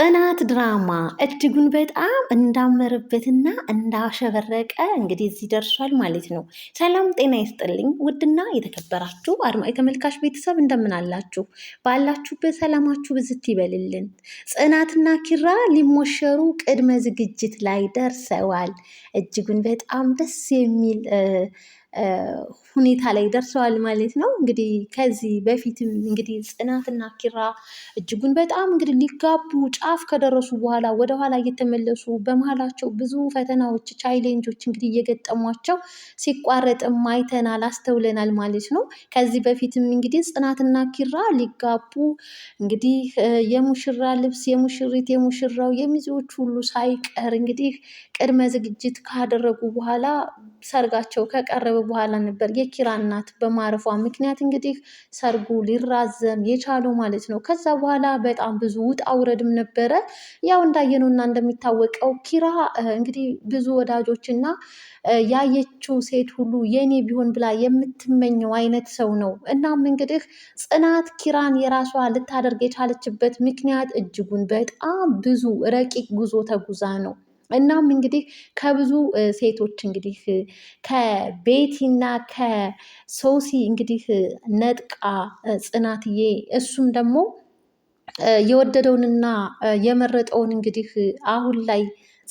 ጽናት ድራማ እጅጉን በጣም እንዳመረበትና እንዳሸበረቀ እንግዲህ እዚህ ደርሷል ማለት ነው። ሰላም ጤና ይስጥልኝ ውድና የተከበራችሁ አድማጭ ተመልካች ቤተሰብ እንደምን አላችሁ? ባላችሁበት ሰላማችሁ ብዝት ይበልልን። ጽናትና ኪራ ሊሞሸሩ ቅድመ ዝግጅት ላይ ደርሰዋል። እጅጉን በጣም ደስ የሚል ሁኔታ ላይ ደርሰዋል ማለት ነው። እንግዲህ ከዚህ በፊትም እንግዲህ ጽናትና ኪራ እጅጉን በጣም እንግዲህ ሊጋቡ ጫፍ ከደረሱ በኋላ ወደኋላ እየተመለሱ በመሀላቸው ብዙ ፈተናዎች፣ ቻይሌንጆች እንግዲህ እየገጠሟቸው ሲቋረጥም አይተናል አስተውለናል ማለት ነው። ከዚህ በፊትም እንግዲህ ጽናትና ኪራ ሊጋቡ እንግዲህ የሙሽራ ልብስ የሙሽሪት የሙሽራው የሚዜዎች ሁሉ ሳይቀር እንግዲህ ቅድመ ዝግጅት ካደረጉ በኋላ ሰርጋቸው ከቀረበ በኋላ ነበር የኪራ እናት በማረፏ ምክንያት እንግዲህ ሰርጉ ሊራዘም የቻለው ማለት ነው። ከዛ በኋላ በጣም ብዙ ውጣ ውረድም ነበረ። ያው እና እንደሚታወቀው ኪራ እንግዲህ ብዙ ወዳጆችና ያየችው ሴት ሁሉ የኔ ቢሆን ብላ የምትመኘው አይነት ሰው ነው። እናም እንግዲህ ጽናት ኪራን የራሷ ልታደርግ የቻለችበት ምክንያት እጅጉን በጣም ብዙ ረቂቅ ጉዞ ተጉዛ ነው። እናም እንግዲህ ከብዙ ሴቶች እንግዲህ ከቤቲና ከሶሲ እንግዲህ ነጥቃ ጽናትዬ እሱም ደግሞ የወደደውንና የመረጠውን እንግዲህ አሁን ላይ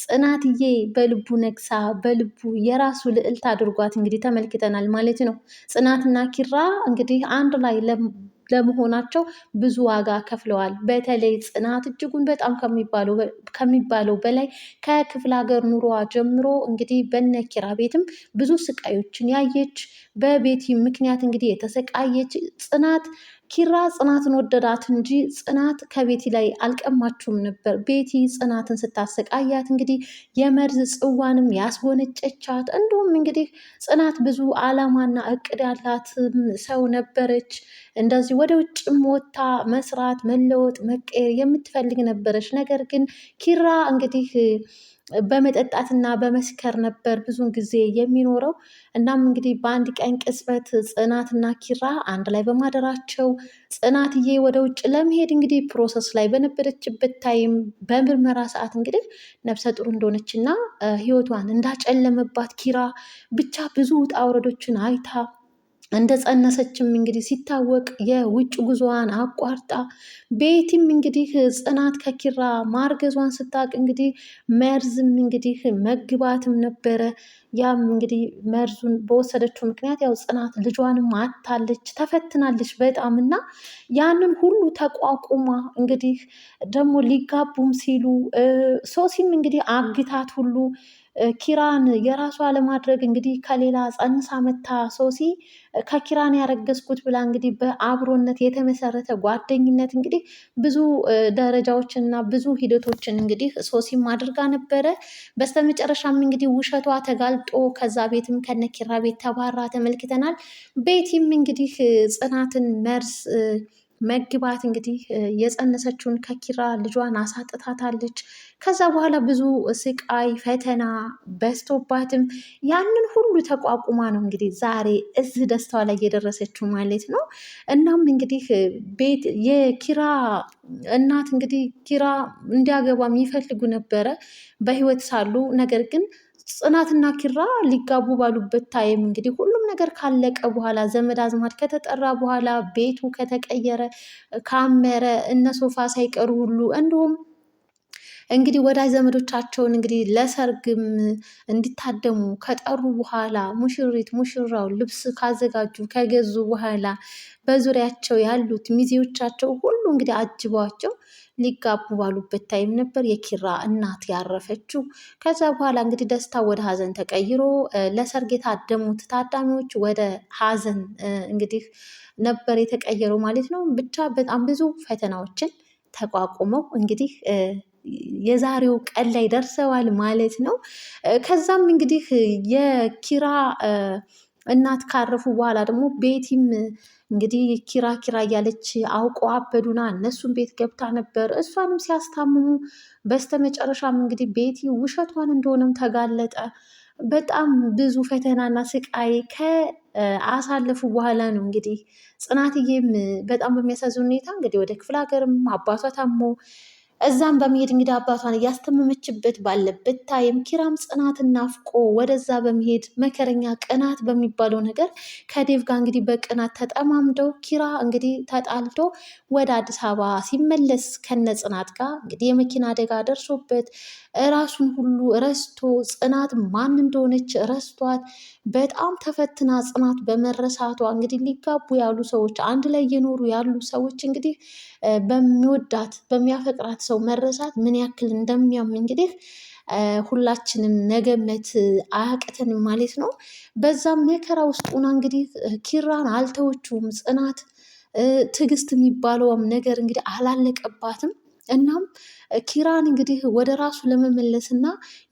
ጽናትዬ በልቡ ነግሳ በልቡ የራሱ ልዕልት አድርጓት እንግዲህ ተመልክተናል ማለት ነው። ጽናትና ኪራ እንግዲህ አንድ ላይ ለመሆናቸው ብዙ ዋጋ ከፍለዋል። በተለይ ጽናት እጅጉን በጣም ከሚባለው በላይ ከክፍለ ሀገር ኑሮዋ ጀምሮ እንግዲህ በነኪራ ቤትም ብዙ ስቃዮችን ያየች በቤቲ ምክንያት እንግዲህ የተሰቃየች ጽናት ኪራ ጽናትን ወደዳት እንጂ ጽናት ከቤቲ ላይ አልቀማችሁም ነበር። ቤቲ ጽናትን ስታሰቃያት እንግዲህ የመርዝ ጽዋንም ያስወነጨቻት፣ እንዲሁም እንግዲህ ጽናት ብዙ አላማና እቅድ ያላት ሰው ነበረች። እንደዚህ ወደ ውጭም ወታ መስራት፣ መለወጥ፣ መቀየር የምትፈልግ ነበረች። ነገር ግን ኪራ እንግዲህ በመጠጣትና በመስከር ነበር ብዙን ጊዜ የሚኖረው። እናም እንግዲህ በአንድ ቀን ቅጽበት ጽናትና ኪራ አንድ ላይ በማደራቸው ጽናትዬ ወደ ውጭ ለመሄድ እንግዲህ ፕሮሰስ ላይ በነበረችበት ታይም በምርመራ ሰዓት እንግዲህ ነፍሰ ጡር እንደሆነችና ህይወቷን እንዳጨለመባት ኪራ ብቻ ብዙ ውጣ ውረዶችን አይታ እንደ ጸነሰችም እንግዲህ ሲታወቅ የውጭ ጉዞዋን አቋርጣ ቤቲም እንግዲህ ጽናት ከኪራ ማርገዟን ስታውቅ እንግዲህ መርዝም እንግዲህ መግባትም ነበረ። ያም እንግዲህ መርዙን በወሰደችው ምክንያት ያው ጽናት ልጇንም አታለች፣ ተፈትናለች በጣም እና ያንን ሁሉ ተቋቁማ እንግዲህ ደግሞ ሊጋቡም ሲሉ ሶሲም እንግዲህ አግታት ሁሉ ኪራን የራሷ ለማድረግ እንግዲህ ከሌላ ጸንሳ መታ ሶሲ ከኪራን ያረገዝኩት ብላ እንግዲህ በአብሮነት የተመሰረተ ጓደኝነት እንግዲህ ብዙ ደረጃዎችንና ብዙ ሂደቶችን እንግዲህ ሶሲም አድርጋ ነበረ። በስተመጨረሻም እንግዲህ ውሸቷ ተጋልጦ ከዛ ቤትም ከነኪራ ቤት ተባራ ተመልክተናል። ቤቲም እንግዲህ ጽናትን መርስ መግባት እንግዲህ የጸነሰችውን ከኪራ ልጇን አሳጥታታለች። ከዛ በኋላ ብዙ ስቃይ ፈተና በዝቶባትም ያንን ሁሉ ተቋቁማ ነው እንግዲህ ዛሬ እዚህ ደስታዋ ላይ የደረሰችው ማለት ነው። እናም እንግዲህ ቤት የኪራ እናት እንግዲህ ኪራ እንዲያገባ የሚፈልጉ ነበረ በህይወት ሳሉ ነገር ግን ጽናትና ኪራ ሊጋቡ ባሉበት ታይም እንግዲህ ሁሉም ነገር ካለቀ በኋላ ዘመድ አዝማድ ከተጠራ በኋላ ቤቱ ከተቀየረ ካመረ እነ ሶፋ ሳይቀሩ ሁሉ እንዲሁም እንግዲህ ወዳጅ ዘመዶቻቸውን እንግዲህ ለሰርግም እንዲታደሙ ከጠሩ በኋላ ሙሽሪት ሙሽራው ልብስ ካዘጋጁ ከገዙ በኋላ በዙሪያቸው ያሉት ሚዜዎቻቸው ሁሉ እንግዲህ አጅቧቸው ሊጋቡ ባሉበት ታይም ነበር የኪራ እናት ያረፈችው። ከዛ በኋላ እንግዲህ ደስታ ወደ ሀዘን ተቀይሮ ለሰርግ የታደሙት ታዳሚዎች ወደ ሀዘን እንግዲህ ነበር የተቀየረው ማለት ነው። ብቻ በጣም ብዙ ፈተናዎችን ተቋቁመው እንግዲህ የዛሬው ቀን ላይ ደርሰዋል ማለት ነው። ከዛም እንግዲህ የኪራ እናት ካረፉ በኋላ ደግሞ ቤቲም እንግዲህ ኪራ ኪራ እያለች አውቆ አበዱና እነሱን ቤት ገብታ ነበር። እሷንም ሲያስታምሙ በስተመጨረሻም እንግዲህ ቤቲ ውሸቷን እንደሆነም ተጋለጠ። በጣም ብዙ ፈተናና ስቃይ ከአሳለፉ በኋላ ነው እንግዲህ ጽናትዬም በጣም በሚያሳዝን ሁኔታ እንግዲህ ወደ ክፍለ ሀገርም አባቷ ታሞ እዛም በመሄድ እንግዲህ አባቷን እያስተመመችበት ባለበት ታይም ኪራም ጽናትን ናፍቆ ወደዛ በመሄድ መከረኛ ቅናት በሚባለው ነገር ከዴቭ ጋር እንግዲህ በቅናት ተጠማምደው ኪራ እንግዲህ ተጣልቶ ወደ አዲስ አበባ ሲመለስ ከነ ጽናት ጋር እንግዲህ የመኪና አደጋ ደርሶበት ራሱን ሁሉ ረስቶ ጽናት ማን እንደሆነች ረስቷት በጣም ተፈትና ጽናት በመረሳቷ እንግዲህ ሊጋቡ ያሉ ሰዎች አንድ ላይ እየኖሩ ያሉ ሰዎች እንግዲህ በሚወዳት በሚያፈቅራት ሰው መረሳት ምን ያክል እንደሚያም እንግዲህ ሁላችንም መገመት አያቅተን ማለት ነው። በዛም መከራ ውስጥ ሆና እንግዲህ ኪራን አልተወችውም ጽናት ትዕግስት የሚባለውም ነገር እንግዲህ አላለቀባትም። እናም ኪራን እንግዲህ ወደ ራሱ ለመመለስ እና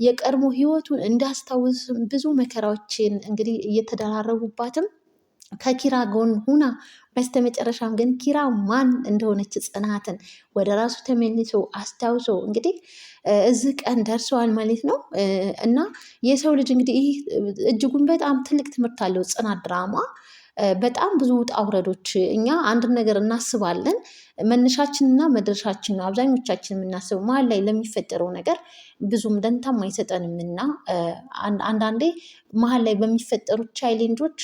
የቀድሞ ህይወቱን እንዳስታውስም ብዙ መከራዎችን እንግዲህ እየተደራረቡባትም ከኪራ ጎን ሁና በስተመጨረሻም ግን ኪራ ማን እንደሆነች ጽናትን ወደ ራሱ ተመልሶ አስታውሶ እንግዲህ እዚህ ቀን ደርሰዋል ማለት ነው። እና የሰው ልጅ እንግዲህ ይህ እጅጉን በጣም ትልቅ ትምህርት አለው ጽናት ድራማ በጣም ብዙ ውጣ ውረዶች እኛ አንድን ነገር እናስባለን። መነሻችንና መድረሻችን አብዛኞቻችን የምናስበው መሀል ላይ ለሚፈጠረው ነገር ብዙም ደንታም አይሰጠንም እና አንዳንዴ መሀል ላይ በሚፈጠሩት ቻይሌንጆች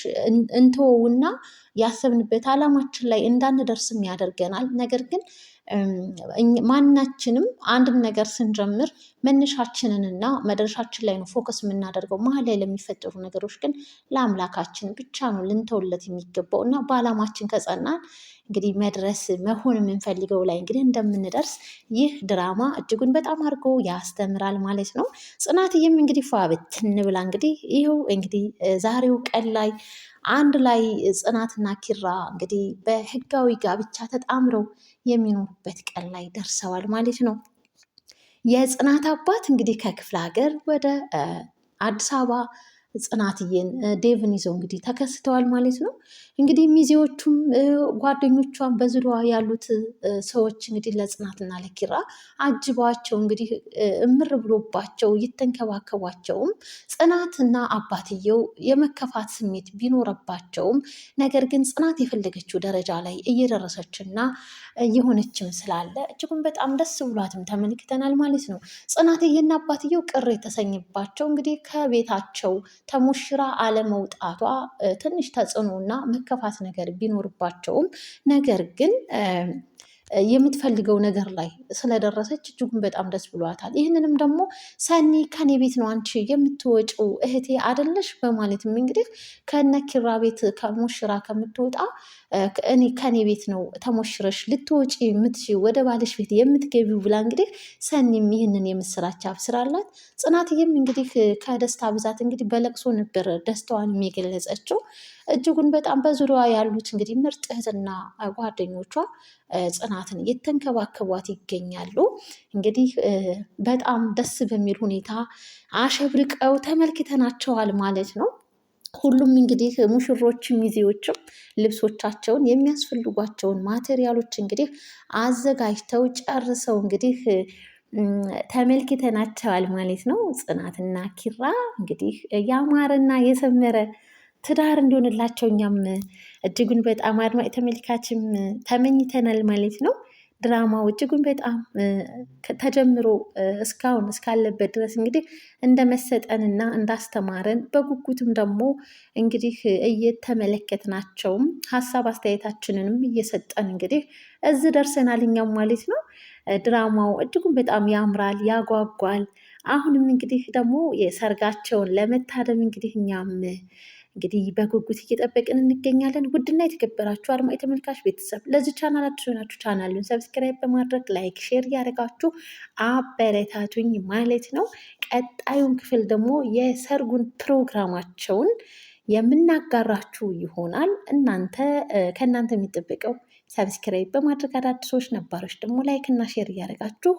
እንተወውና ያሰብንበት አላማችን ላይ እንዳንደርስም ያደርገናል። ነገር ግን ማናችንም አንድን ነገር ስንጀምር መነሻችንንና መድረሻችን ላይ ነው ፎከስ የምናደርገው። መሀል ላይ ለሚፈጠሩ ነገሮች ግን ለአምላካችን ብቻ ነው ልንተውለት የሚገባው እና በዓላማችን ከጸናን እንግዲህ መድረስ መሆን የምንፈልገው ላይ እንግዲህ እንደምንደርስ ይህ ድራማ እጅጉን በጣም አድርጎ ያስተምራል ማለት ነው። ጽናትዬም እንግዲህ ፏብት ብትን እንግዲህ ይኸው እንግዲህ ዛሬው ቀን ላይ አንድ ላይ ጽናትና ኪራ እንግዲህ በህጋዊ ጋብቻ ተጣምረው የሚኖሩበት ቀን ላይ ደርሰዋል ማለት ነው። የጽናት አባት እንግዲህ ከክፍለ ሀገር ወደ አዲስ አበባ ጽናትዬን ዴቭን ይዘው እንግዲህ ተከስተዋል ማለት ነው። እንግዲህ ሚዜዎቹም ጓደኞቿን በዙሪያዋ ያሉት ሰዎች እንግዲህ ለጽናትና ለኪራ አጅቧቸው እንግዲህ እምር ብሎባቸው እየተንከባከቧቸውም ጽናትና አባትየው የመከፋት ስሜት ቢኖረባቸውም ነገር ግን ጽናት የፈለገችው ደረጃ ላይ እየደረሰችና እየሆነችም ስላለ እጅጉን በጣም ደስ ብሏትም ተመልክተናል ማለት ነው። ጽናትዬና አባትየው ቅር የተሰኝባቸው እንግዲህ ከቤታቸው ተሞሽራ አለመውጣቷ ትንሽ ተጽዕኖና መከፋት ነገር ቢኖርባቸውም ነገር ግን የምትፈልገው ነገር ላይ ስለደረሰች እጅጉን በጣም ደስ ብሏታል። ይህንንም ደግሞ ሰኒ ከኔ ቤት ነው አንቺ የምትወጪው እህቴ አደለሽ በማለትም እንግዲህ ከነ ኪራ ቤት ከሞሽራ ከምትወጣ እኔ ከኔ ቤት ነው ተሞሽረሽ ልትወጪ የምትሺ ወደ ባለሽ ቤት የምትገቢው ብላ እንግዲህ ሰኒም ይህንን የምስራች አብስራላት። ጽናትዬም እንግዲህ ከደስታ ብዛት እንግዲህ በለቅሶ ነበር ደስታዋን የገለጸችው። እጅጉን በጣም በዙሪያዋ ያሉት እንግዲህ ምርጥ እህትና ጓደኞቿ ጽናት እናትን እየተንከባከቧት ይገኛሉ። እንግዲህ በጣም ደስ በሚል ሁኔታ አሸብርቀው ተመልክተናቸዋል ማለት ነው። ሁሉም እንግዲህ ሙሽሮችም ሚዜዎችም ልብሶቻቸውን የሚያስፈልጓቸውን ማቴሪያሎች እንግዲህ አዘጋጅተው ጨርሰው እንግዲህ ተመልክተናቸዋል ማለት ነው። ጽናትና ኪራ እንግዲህ ያማረና የሰመረ ትዳር እንዲሆንላቸው እኛም እጅጉን በጣም አድማጭ ተመልካችም ተመኝተናል ማለት ነው። ድራማው እጅጉን በጣም ተጀምሮ እስካሁን እስካለበት ድረስ እንግዲህ እንደመሰጠንና እንዳስተማረን በጉጉትም ደግሞ እንግዲህ እየተመለከትናቸውም ሀሳብ አስተያየታችንንም እየሰጠን እንግዲህ እዚህ ደርሰናል እኛም ማለት ነው። ድራማው እጅጉን በጣም ያምራል፣ ያጓጓል። አሁንም እንግዲህ ደግሞ የሰርጋቸውን ለመታደም እንግዲህ እኛም እንግዲህ በጉጉት እየጠበቅን እንገኛለን። ውድና የተከበራችሁ አድማ ተመልካች ቤተሰብ ለዚህ ቻናል አዲስ ሆናችሁ ቻናሉን ሰብስክራይብ በማድረግ ላይክ፣ ሼር ያደረጋችሁ አበረታቱኝ ማለት ነው። ቀጣዩን ክፍል ደግሞ የሰርጉን ፕሮግራማቸውን የምናጋራችሁ ይሆናል። እናንተ ከእናንተ የሚጠበቀው ሰብስክራይብ በማድረግ አዳዲሶች ነባሮች ደግሞ ላይክና ሼር እያደረጋችሁ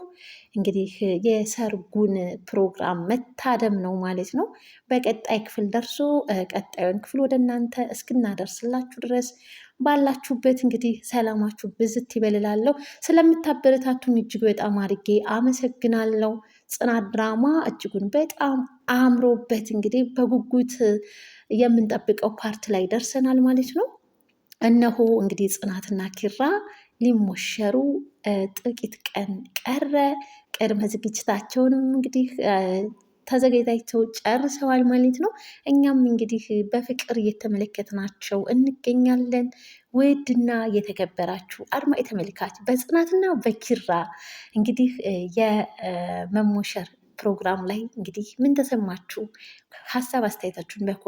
እንግዲህ የሰርጉን ፕሮግራም መታደም ነው ማለት ነው። በቀጣይ ክፍል ደርሶ ቀጣዩን ክፍል ወደ እናንተ እስክናደርስላችሁ ድረስ ባላችሁበት እንግዲህ ሰላማችሁ ብዝት ይበልላለሁ። ስለምታበረታቱን እጅግ በጣም አድርጌ አመሰግናለሁ። ጽናት ድራማ እጅጉን በጣም አምሮበት እንግዲህ በጉጉት የምንጠብቀው ፓርት ላይ ደርሰናል ማለት ነው። እነሆ እንግዲህ ጽናትና ኪራ ሊሞሸሩ ጥቂት ቀን ቀረ። ቅድመ ዝግጅታቸውንም እንግዲህ ተዘጋጅተው ጨርሰዋል ማለት ነው። እኛም እንግዲህ በፍቅር እየተመለከትናቸው እንገኛለን። ውድና የተከበራችሁ አድማጭ ተመልካች በጽናትና በኪራ እንግዲህ የመሞሸር ፕሮግራም ላይ እንግዲህ ምን ተሰማችሁ? ሀሳብ አስተያየታችሁን በኮ